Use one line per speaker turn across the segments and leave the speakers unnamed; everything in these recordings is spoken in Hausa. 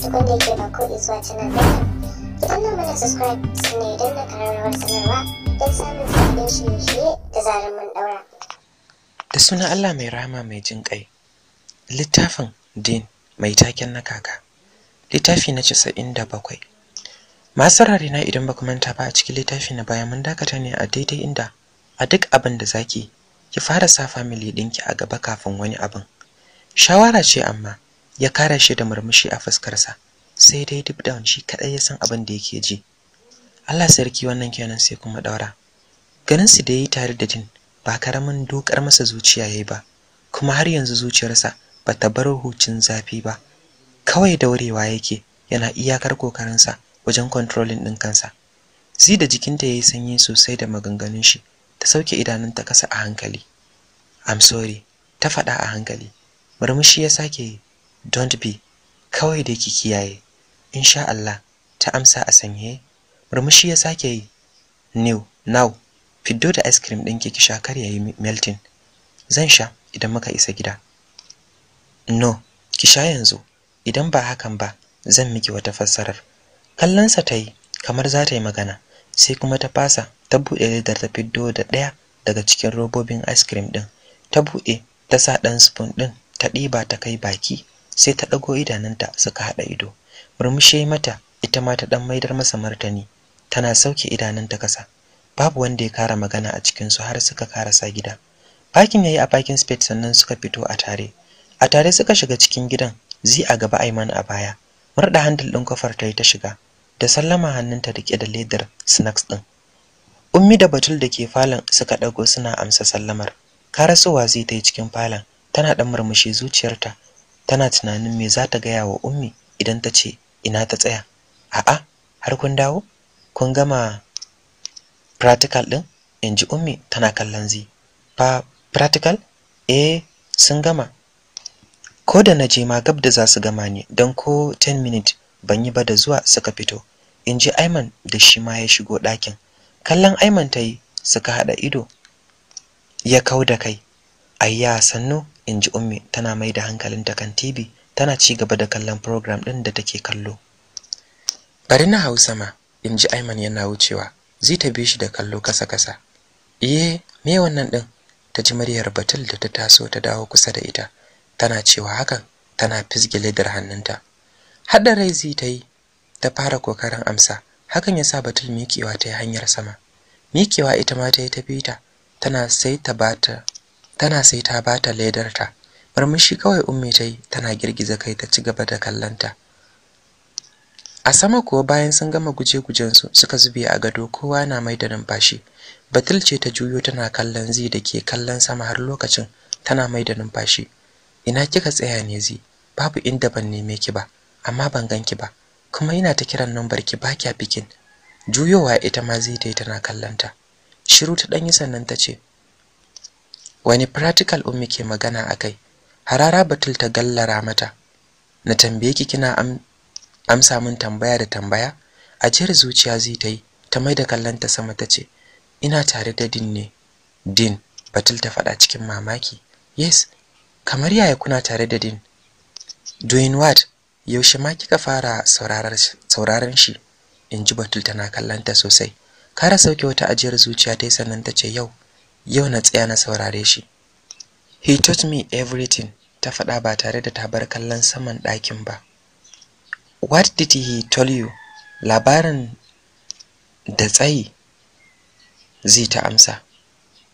duk wanda yake ba ko zuwa canal ɗin ki danna mana subscribe sannan ya danna ƙararrawar sanarwa don samun sabbin shirye-shirye da zarar mun ɗaura. da suna Allah mai rama mai jin ƙai littafin din mai taken na kaka littafi na casa'in da bakwai masu rari na idan ba manta ba a cikin littafi na baya mun dakata ne a daidai inda a duk abin da zaki ki fara sa family ɗinki a gaba kafin wani abin shawara ce amma ya kare shi da murmushi a fuskarsa sai dai deep down shi kadai ya san abin da yake ji Allah sarki wannan kenan sai kuma daura ganin su da yi tare da jin ba karamin dokar masa zuciya yayi ba kuma har yanzu zuciyarsa ta bar hucin zafi ba kawai daurewa yake yana iyakar kokarinsa wajen controlling din kansa zi da jikinta yayi sanyi sosai da maganganun shi ta sauke idanunta kasa a hankali I'm sorry ta faɗa a hankali murmushi ya sake yi don't be kawai dai ki kiyaye insha Allah ta amsa a sanye murmushi ya sake yi new now fiddo da ice cream ɗinki ki sha kar yayi melting zan sha idan muka isa gida no ki sha yanzu idan ba hakan ba zan miki wata fassarar kallonsa ta yi kamar za ta yi magana sai kuma ta fasa ta buɗe ledar ta fiddo da ɗaya daga cikin robobin ice cream ɗin ta buɗe ta sa ɗan spoon ɗin ta ɗiba ta kai baki sai ta ɗago idanunta suka haɗa ido murmushe mata ita ma ta ɗan maidar masa martani tana sauke idanunta kasa babu wanda ya kara magana a cikin su har suka karasa gida Fakin yayi a bakin space sannan suka fito a tare a tare suka shiga cikin gidan zi a gaba Aiman a baya murda handil din kofar ta yi ta shiga da sallama hannunta rike da ledar snacks din ummi da batul da ke falon suka dago suna amsa sallamar karasowa zai ta yi cikin falon tana dan murmushi zuciyarta tana tunanin me za ta gaya wa ummi idan ta ce ina ta tsaya a'a har kun dawo kun gama practical din inji ummi tana kallon zi fa practical eh sun gama ko da na je ma gab da za su gama ne don ko ten minutes ban yi ba da zuwa suka fito in ji Aiman da shi ma ya shigo ɗakin kallon Aiman ta yi suka haɗa ido ya kau da kai ayya sannu in ji ummi tana mai da hankalinta kan tv tana ci gaba da kallon program ɗin da take kallo bari na hau sama in ji aiman yana wucewa zai ta bi shi da kallo kasa kasa Eh me wannan ɗin ta ji muryar batul da ta taso ta dawo kusa da ita tana cewa hakan tana fisgile da hannunta haɗa rai zai ta yi ta fara kokarin amsa hakan ya sa batul miƙewa ta yi hanyar sama miƙewa ita ma ta yi tafita, tana sai ta bata tana sai ta bata ledarta murmushi kawai ummi ta yi tana girgiza kai ta ci gaba da kallonta a sama kuwa bayan sun gama guje-gujensu suka zube a gado kowa na mai da numfashi batul ce ta juyo tana kallon zi da ke kallon sama har lokacin tana mai da numfashi ina kika tsaya ne zi babu inda ban neme ki ba amma ban ganki ba kuma ina ta kiran numbar ki ba kya bikin juyowa ita ma zai yi tana kallanta shiru ta danyi sannan ta ce wani practical ummi ke magana akai harara batul ta gallara mata na tambaye ki kina am, amsa min tambaya da tambaya a zuciya zai ta yi ta mai da kallanta sama ta ce ina tare da din ne din batul ta faɗa cikin mamaki yes kamar yaya kuna tare da din doing what yaushe ma kika fara sauraron shi in ji batul tana kallanta sosai kara sauke wata ajiyar zuciya ta yi sannan ta ce yau yau na tsaya na saurare shi he taught me everything ta faɗa ba tare da ta bar kallon saman ɗakin ba what did he tell you labarin da tsayi zai ta amsa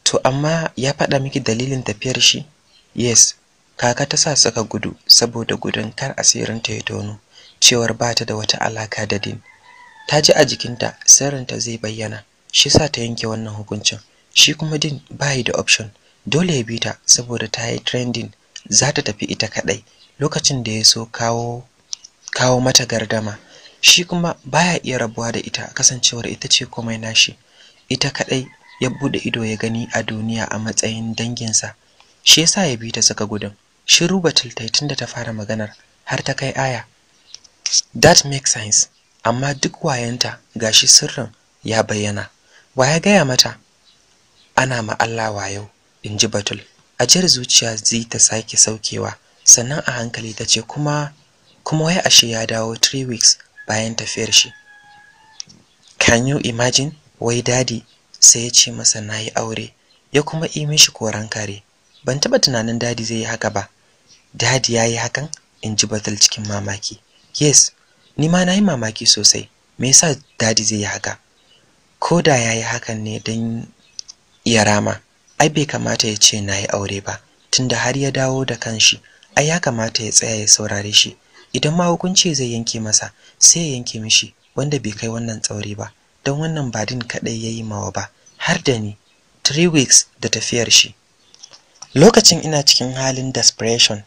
to amma ya faɗa miki dalilin tafiyar shi yes kaka ta sa suka gudu saboda gudun kar asirin ta ya tono cewar ba ta da wata alaka da din ta ji a jikinta sirrinta zai bayyana shi sa ta yanke wannan hukuncin shi kuma din bayi da option dole ya bi ta saboda ta yi trending za ta tafi ita kadai lokacin da ya so kawo kawo mata gardama shi kuma baya iya rabuwa da ita kasancewar ita ce komai nashi ita kadai ya bude ido ya gani a duniya a matsayin danginsa shi yasa ya bi ta saka gudun shiru ruba tai da ta fara maganar har ta kai aya that makes sense amma duk wayanta gashi sirrin ya bayyana waya gaya mata ana ma Allah wayo in ji Batul ajiyar zuciya zai ta sake saukewa sannan a hankali ta ce kuma kuma wai ashe ya dawo 3 weeks bayan tafiyar shi can you imagine wai dadi sai ya ce masa yi aure ya kuma yi mishi koran kare ban taba tunanin dadi zai yi haka ba dadi yayi hakan in ji Batul cikin mamaki yes ni ma nayi mamaki sosai me yasa dadi zai yi haka ko da yayi hakan ne dan Iya rama ai bai kamata ya ce na yi aure ba tunda har ya dawo da kanshi ai ya kamata ya tsaya ya saurare shi idan ma hukunci zai yanke masa sai ya yanke mishi wanda bai kai wannan tsauri ba don wannan ba din kadai yayi mawa ba har da ni 3 weeks da tafiyar shi lokacin ina cikin halin desperation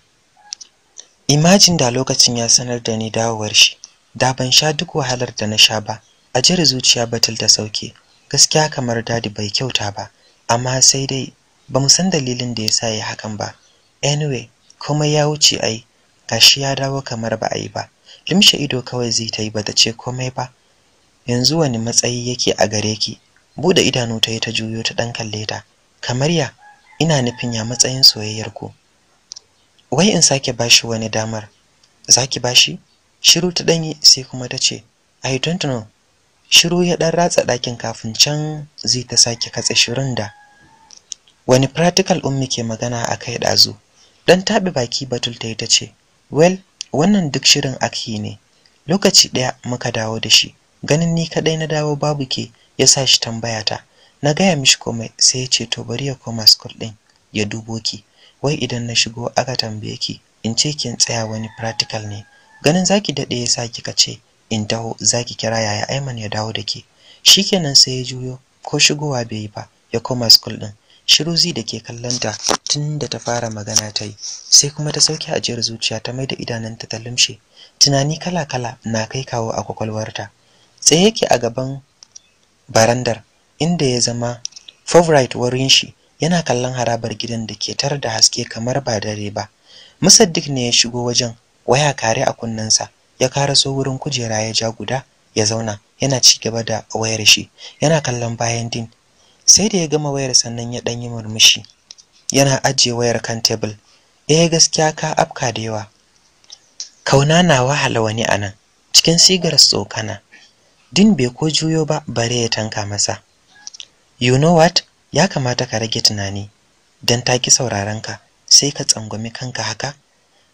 imagine da lokacin ya sanar da ni dawowar shi da ban sha duk wahalar da na sha ba a jira zuciya batul da sauke gaskiya kamar dadi bai kyauta ba amma sai dai ba mu san dalilin da ya sa ya hakan ba anyway komai ya wuce ai gashi ya dawo kamar ba a yi ba limshe ido kawai zai ta yi ba ta ce komai ba yanzu wani matsayi yake a gare ki bude idanu ta yi ta juyo ta dan kalle ta kamar ya ina nufin ya matsayin soyayyar ku wai in sake bashi wani damar zaki bashi shiru ta danyi sai kuma ta ce i don't know shiru ya ɗan ratsa ɗakin kafin can zai ta sake katse shirin da wani practical ummi ke magana a kai ɗazu dan taɓi baki batul ta yi ta ce well wannan duk shirin akhi ne lokaci ɗaya muka dawo da shi ganin ni kaɗai na dawo babu ke ya sa shi tambaya ta na gaya mishi komai sai ya ce to bari ya koma school ɗin ya dubo ki wai idan na shigo aka tambaye ki in ce kin tsaya wani practical ne ganin zaki daɗe ya sa kika ce in taho zaki kira yaya Aiman ya dawo da ke shikenan sai ya juyo ko shigowa bai yi ba ya koma school ɗin shiruzi da ke kallonta tun da ta fara magana ta yi sai kuma ta sauke ajiyar zuciya ta da idananta ta lumshe tunani kala-kala na kai kawo a kwakwalwarta tsaye yake a gaban barandar inda ya zama favorite warin shi yana kallon harabar gidan da ke tar da haske kamar ba dare ba musaddik ne ya shigo wajen waya kare a kunnensa ya karaso wurin kujera ya ja guda ya zauna yana ci gaba da wayar shi yana kallon bayan din sai da ya gama wayar sannan ya ɗanyi murmushi yana ajiye wayar kan tebul eh gaskiya ka afka da yawa kauna na wahala wani anan cikin sigar tsokana din bai ko juyo ba bare ya tanka masa you know what ya kamata ka rage tunani dan ta ki ka sai ka tsangwami kanka haka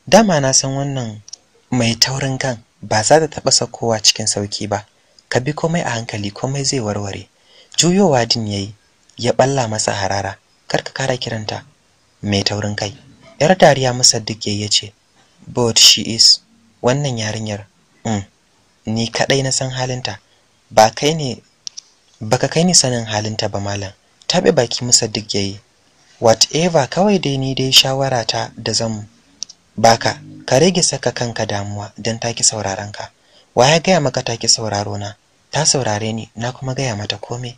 dama na san wannan mai taurin kan ba za ta taba sakowa cikin sauki ba ka bi komai a hankali komai zai warware juyowa din yayi ya balla masa harara kar ka kara kiranta mai taurin kai yar dariya musaddiq ya ce but she is wannan yarinyar mm. ni kadai na san halinta ba kai ne baka kai ni sanin halinta ba malam tabe baki musaddiq yayi whatever kawai dai ni dai shawara ta da zan baka ka rage saka kanka damuwa dan taki sauraron ka ya ga maka taki sauraro na ta saurare ni na kuma gaya mata komai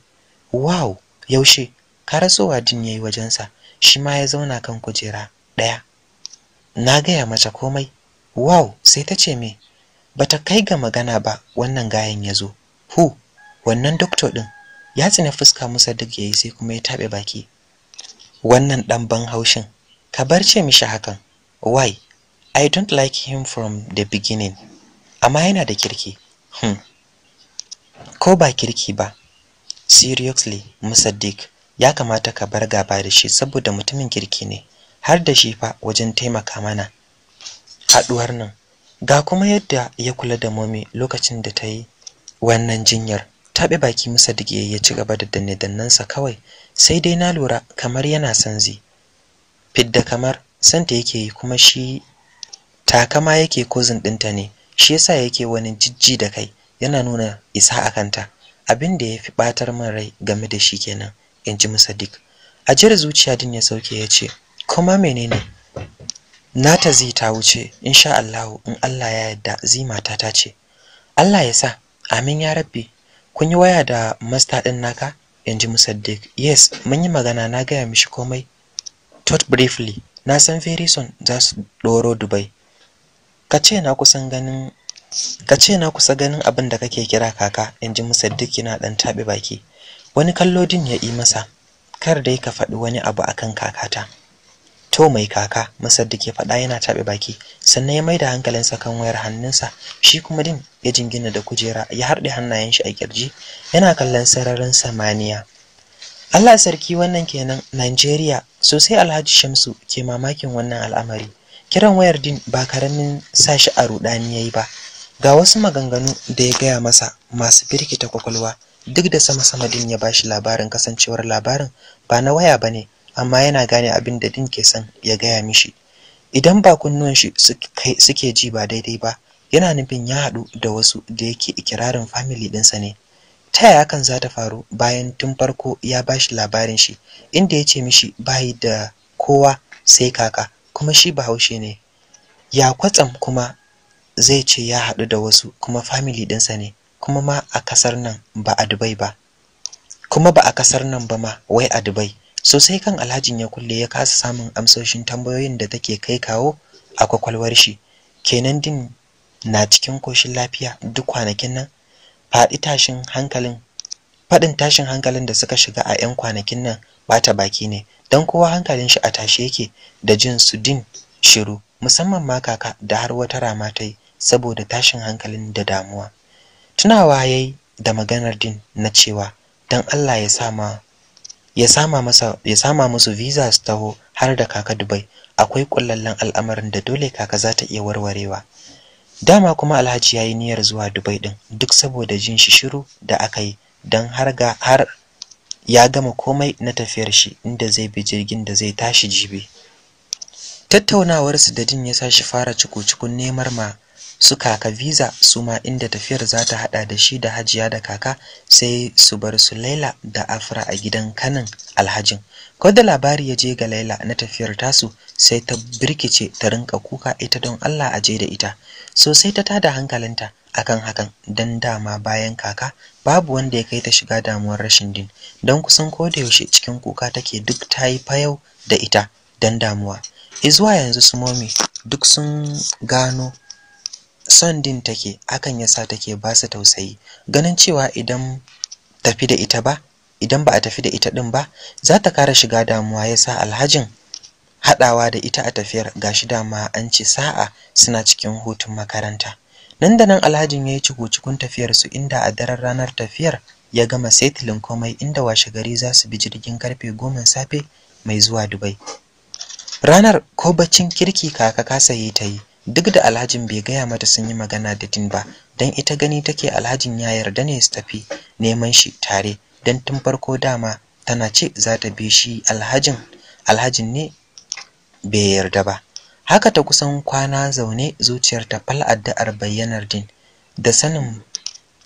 wow yaushe ka rasowa din yayi wajensa shi ma ya zauna kan kujera ɗaya na gaya mace komai wow sai ta ce me bata kai ga magana ba wannan gayan ya zo hu wannan doktor ɗin? ya tsina fuska musa duk yayi sai kuma ya taɓe baki wannan dan ban haushin ka bar ce mishi hakan why i don't like him from the beginning amma yana da kirki hmm. ko ba kirki ba seriously musaddiq ya kamata ka bar gaba da shi saboda mutumin kirki ne har da shi fa wajen taimaka mana haduwar nan ga kuma yadda ya kula da momi lokacin da ta yi wannan jinyar taɓe baki musaddik ya ci gaba da danne dannansa kawai sai dai na lura kamar yana son zi. fidda kamar santa yake yi kuma shi takama yake cousin ɗinta ne shi yasa yake wani jijji da kai yana nuna isa a kanta abin da yafi batar min rai game da shi kenan inji a ajiyar zuciya din ya sauke ya ce kuma menene nata zai ta wuce insha Allah in Allah ya yarda zai mata ta ce Allah ya sa amin ya rabbi kun yi waya da master din naka inji Sadiq yes mun yi magana na gaya mishi komai Tot briefly na san very soon za su doro Dubai kace na kusan ganin ka ce na kusa ganin abin da kake kira kaka in ji musaddik yana ɗan taɓe baki wani kallo din ya yi masa kar dai ka faɗi wani abu akan kakata to mai kaka musaddik ya faɗa yana taɓe baki sannan ya maida hankalinsa kan wayar hannunsa shi kuma din ya jingina da kujera ya harɗe hannayen shi a kirji yana kallon sararin samaniya Allah sarki wannan kenan Najeriya sosai Alhaji Shamsu ke mamakin wannan al'amari kiran wayar din ba karamin sashi a rudani yayi ba ga wasu maganganu da ya gaya masa masu birkita kwakwalwa duk da sama-sama din ya bashi labarin kasancewar labarin ba na waya ba ne amma yana gane abin da din ke son ya gaya mishi idan ba kunnuwan shi suke ji ba daidai ba yana nufin ya haɗu da wasu da yake ikirarin family ɗinsa ne ta yaya hakan za ta faru bayan tun farko ya bashi labarin shi inda ya ce mishi bayi da kowa sai kaka kuma shi bahaushe ne ya kwatsam kuma zai ce ya haɗu da wasu kuma family ɗinsa ne kuma ma a kasar nan ba a Dubai ba kuma ba a kasar nan ba ma wai a Dubai sosai kan alhajin ya kulle ya kasa samun amsoshin tambayoyin da take kai kawo a kwakwalwar shi kenan din na cikin koshin lafiya duk kwanakin nan faɗi tashin hankalin faɗin tashin hankalin da suka shiga a 'yan kwanakin nan bata baki ne don kowa hankalin shi a tashe yake da jin su din shiru musamman ma kaka da har wata rama ta yi saboda tashin hankalin da damuwa tunawa yayi da maganar din na cewa dan Allah ya sama ya sama masa ya sama musu visa su taho har da kaka Dubai akwai kullallan al'amarin da dole kaka za ta iya warwarewa dama kuma Alhaji yayi niyyar zuwa Dubai din duk saboda jin shi shiru da aka dan har ga har ya gama komai na tafiyar shi inda zai bi jirgin da zai tashi jibi tattaunawar su da din ya sa shi fara cuku-cukun nemar ma su kaka visa su ma inda tafiyar za ta hada da shi da hajiya da kaka sai su bar su laila da afra a gidan kanin alhajin ko da labari ya je ga laila na tafiyar tasu sai ta birkice ta rinka kuka ita don allah a je da ita so sai ta tada hankalinta akan hakan don dama bayan kaka babu wanda ya kai ta shiga damuwar rashin din don kusan ko da yaushe cikin kuka take duk ta yi fayau da ita don damuwa izuwa yanzu su momi duk sun gano son din take hakan yasa take ba su tausayi ganin cewa idan tafi da ita ba idan ba a tafi da ita din ba za ta kara shiga damuwa yasa alhajin haɗawa da ita a tafiyar gashi dama an ce sa'a suna cikin hutun makaranta nan da nan alhajin ya yi cuku-cukun tafiyar su inda a daren ranar tafiyar ya gama setilin komai inda washe gari za su bi jirgin karfe goma safe mai zuwa dubai ranar ko baccin kirki kaka kasa yi ta yi duk da alhajin bai gaya mata sun yi magana da din ba dan ita gani take alhajin ya yarda ne su tafi neman shi tare dan tun farko dama tana ce za ta bi shi alhajin alhajin ne bai yarda ba haka ta kusan kwana zaune zuciyar ta fal addu'ar bayyanar din da sanin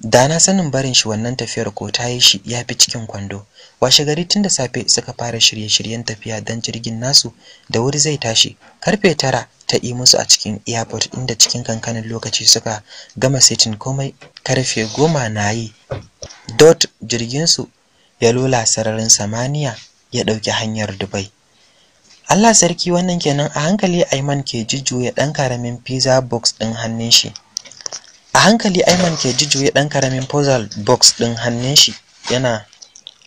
da na sanin barin shi wannan tafiyar ko ta yi shi ya fi cikin kwando washe gari tun da safe suka fara shirye-shiryen tafiya don jirgin nasu da wuri zai tashi karfe tara ta yi musu a cikin airport inda cikin kankanin lokaci suka gama setin komai karfe goma na yi dot jirginsu ya lola sararin samaniya ya ɗauki hanyar dubai allah sarki wannan kenan a hankali aiman ke jujjuya ɗan karamin pizza box ɗin hannun shi a hankali Ayman ke jujjuya ɗan karamin puzzle box ɗin hannun shi yana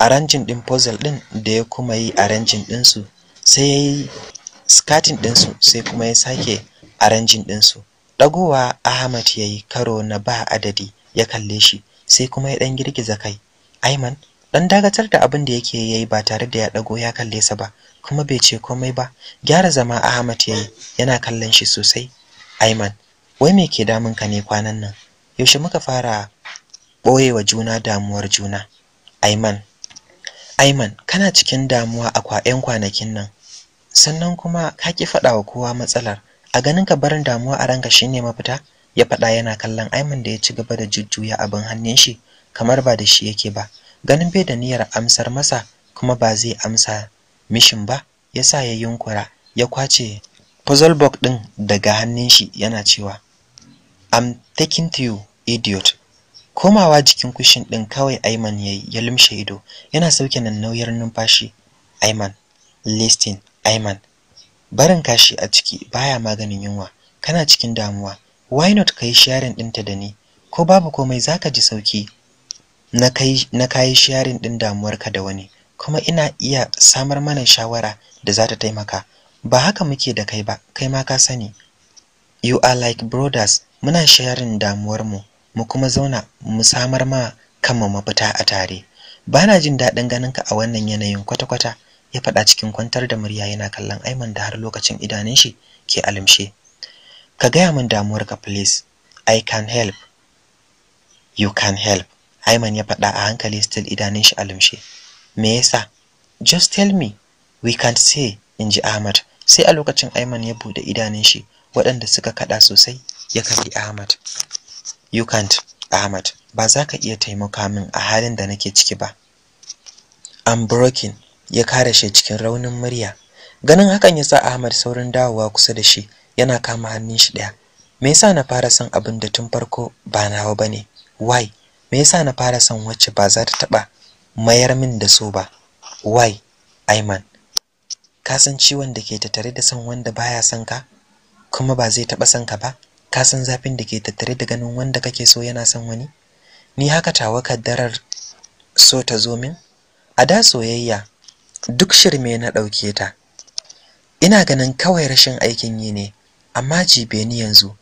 aranjin ɗin puzzle ɗin da ya kuma yi aranjin ɗinsu sai yayi yi skatin ɗinsu sai kuma ya sake din ɗinsu Dagowa Ahmad yayi karo na ba adadi ya kalle shi sai kuma ya ɗan girgiza kai Ayman. ɗan dagatar da abin da yake yayi ba tare da ya dago ya kalle sa ba kuma bai ce komai ba gyara zama Ahmad yayi yana kallon shi sosai Ayman. wai me ke damun ka ne kwanan nan yaushe muka fara ɓoye wa juna damuwar juna aiman aiman kana cikin damuwa a yan kwanakin nan sannan kuma ka ki faɗa wa kowa matsalar a ganin ka barin damuwa a ranka shine mafita ya faɗa yana kallon aiman da ya ci gaba da jujjuya abin hannun shi kamar ba da shi yake ba ganin bai da niyyar amsar masa kuma ba zai amsa mishin ba Ya sa ya yunkura ya kwace puzzle box ɗin daga hannun shi yana cewa I'm taking to you, idiot. Komawa jikin kushin ɗin kawai Aiman yayi ya lumshe ido, yana sauke nan nauyar numfashi. Aiman, listen, Aiman. Barin kashi a ciki baya maganin yunwa, kana cikin damuwa. Why not kai sharing ɗinta da ni? Ko babu komai zaka ji sauki. Na kai na kai sharing ɗin damuwarka da wani, kuma ina iya samar mana shawara da za ta taimaka. Ba haka muke da kai ba, kai ma ka sani. you are like brothers muna sharing damuwar mu mu kuma zauna mu samar ma kanmu mafita a tare bana jin daɗin ganin ka a wannan yanayin kwata-kwata ya faɗa cikin kwantar da murya yana kallon Aiman da har lokacin idanun shi ke alimshe ka gaya min damuwarka please I can help you can help Aiman ya faɗa a hankali still idanun shi alimshe me yasa just tell me we can't say inji Ahmad sai a lokacin Aiman ya bude idanun shi waɗanda suka kaɗa sosai ya kalli Ahmad you can't Ahmad ba za ka iya taimaka min a halin da nake ciki ba I'm broken ya kare shi cikin raunin murya ganin hakan ya sa Ahmad saurin dawowa kusa da shi yana kama hannun shi daya me yasa na fara son abin da tun farko ba nawa bane why me yasa na fara son wacce ba za ta taba mayar min da so ba why Ayman. ka san ciwon da ke tattare da san wanda baya son ka kuma ba zai taɓa son ka ba ka san zafin da ke tattare da ganin wanda kake so yana son wani ni haka tawa kaddarar so ta zo min a da soyayya duk shirme na ɗauke ta ina ganin kawai rashin aikin yi ne amma jibe ni yanzu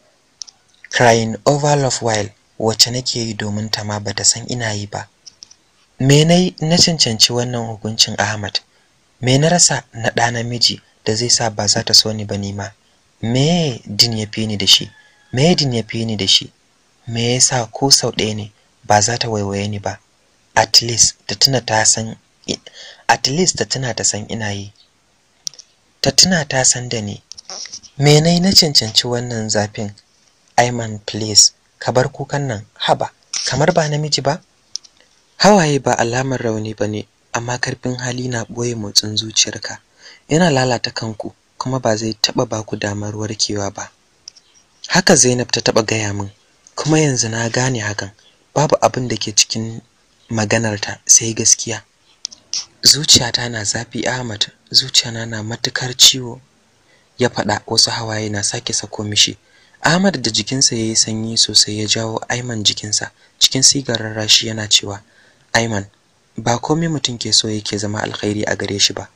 crying over love while wacce nake yi domin ta ma bata san ina yi ba me na cancanci wannan hukuncin Ahmad me na rasa na ɗa namiji da zai sa ba za ta so ni ba ni ma? me din ya fi ni da shi me din ya fi da shi me yasa ko sau ɗaya ne ba za ta waiwaye ni ba at least ta tuna ta san at least ta tuna ta san ina yi ta tuna ta san da ni me nayi na cancanci wannan zafin Aiman please ka bar kukan nan haba kamar ba namiji ba hawaye ba alamar rauni ba ne, amma karfin hali na ɓoye motsin zuciyarka yana lalata kanku kuma ba zai taɓa ba ku damar warkewa ba haka Zainab ta taɓa gaya min kuma yanzu na gane hakan babu abin da ke cikin maganarta sai gaskiya zuciyata na zafi Ahmad zuciyana na matukar ciwo ya faɗa wasu hawaye na sake sako mishi Ahmad da jikinsa yayi sanyi sosai ya jawo Aiman jikinsa cikin sigarar rashi yana cewa Aiman ba komai mutum ke so yake zama alkhairi a gare shi ba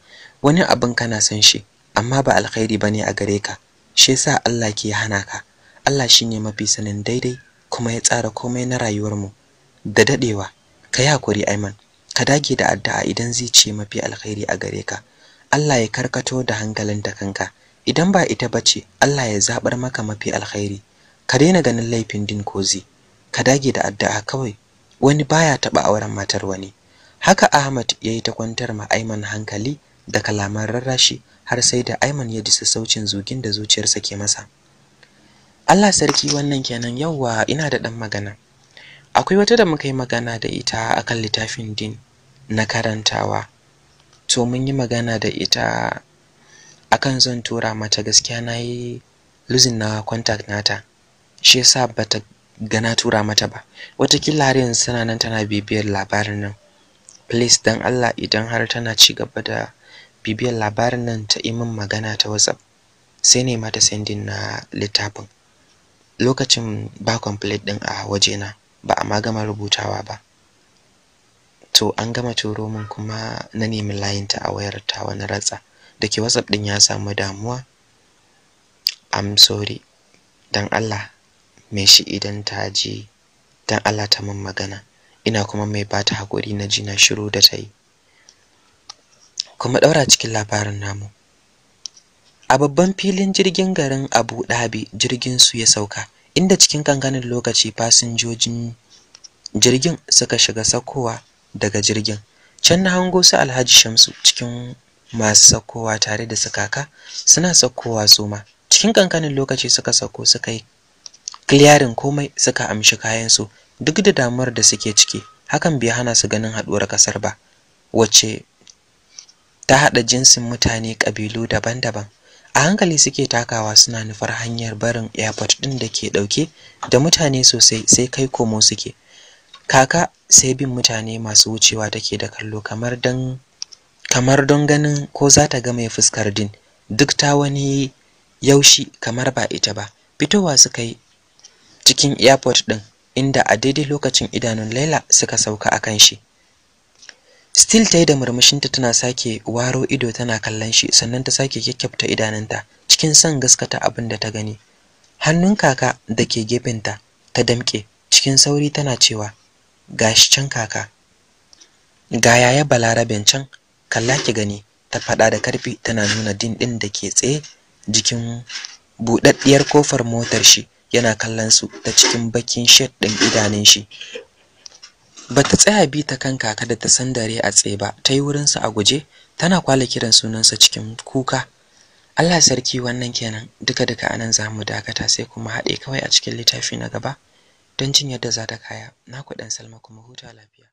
wani abin kana san shi amma ba alkhairi ne a gare ka shi yasa Allah ke hana ka Allah shine mafi sanin daidai kuma ya tsara komai na rayuwar mu da dadewa ka yi hakuri Aiman ka dage da addu'a idan zai ce mafi alkhairi a gare ka Allah ya karkato da hankalin ta kanka idan ba ita bace Allah ya zabar maka mafi alkhairi ka daina ganin laifin din kozi ka dage da addu'a kawai wani baya taba auren matar wani haka Ahmad yayi ta kwantar ma Aiman hankali da kalaman rarrashi har sai da Aiman ya ji sassaucin zugin da zuciyarsa ke masa Allah sarki wannan kenan yawwa ina da ɗan magana akwai wata da muka yi magana da ita akan littafin din na karantawa to mun yi magana da ita akan zan tura mata gaskiya na yi losing na contact nata shi yasa ta gana tura mata ba watakila har yanzu tana nan tana bibiyar labarin nan please dan Allah idan har tana ci gaba da bibiyar labarin nan ta yi min magana ta WhatsApp sai ne mata sendin na littafin lokacin ba complete ɗin a wajena ba a ma rubutawa ba to an gama turo min kuma na nemi layinta a wayar ta wani ratsa da ke WhatsApp din ya samu damuwa am sorry dan Allah me shi idan ta ji dan Allah ta min magana ina kuma mai bata hakuri na ji na shiru da ta yi kuma ɗaura cikin labarin namu a babban filin jirgin garin abu dhabi jirgin su ya sauka inda cikin kankanin lokaci fasinjojin jirgin suka shiga sakowa daga jirgin can na hango su alhaji shamsu cikin masu sakowa tare da sakaka suna sakowa su cikin kankanin lokaci suka sako suka yi clearing komai suka amshi kayansu duk da damuwar da suke ciki hakan bai hana su ganin haduwar kasar ba wacce ta haɗa jinsin mutane ƙabilu daban-daban a hankali suke takawa suna nufar hanyar barin airport ɗin da ke ɗauke da mutane sosai sai kai komo suke kaka sai bin mutane masu wucewa take da kallo kamar don ganin ko za ta ga mai fuskar din duk ta wani yaushi kamar ba ita ba fitowa suka yi cikin airport ɗin inda a daidai lokacin idanun Laila suka sauka akan shi Still ta yi da murmushinta tana sake waro ido tana kallon shi sannan ta sake kyakkyafta idanunta cikin son gaskata abin da ta gani. Hannun kaka da ke gefenta ta damƙe cikin sauri tana cewa shi can kaka. Ga yaya balaraben can kalla ki gani ta faɗa da karfi tana nuna dindin da ke tsaye jikin buɗaɗɗiyar kofar motar shi yana kallon su ta cikin bakin shed ɗin idanun shi bata tsaya bi ta kan kaka da ta san dare a tsaye ba ta yi sa a guje tana kwala kiran sunansa cikin kuka Allah sarki wannan kenan duka duka anan za mu dakata sai kuma haɗe kawai a cikin littafi na gaba don jin yadda za ta kaya na ku dan salma kuma huta lafiya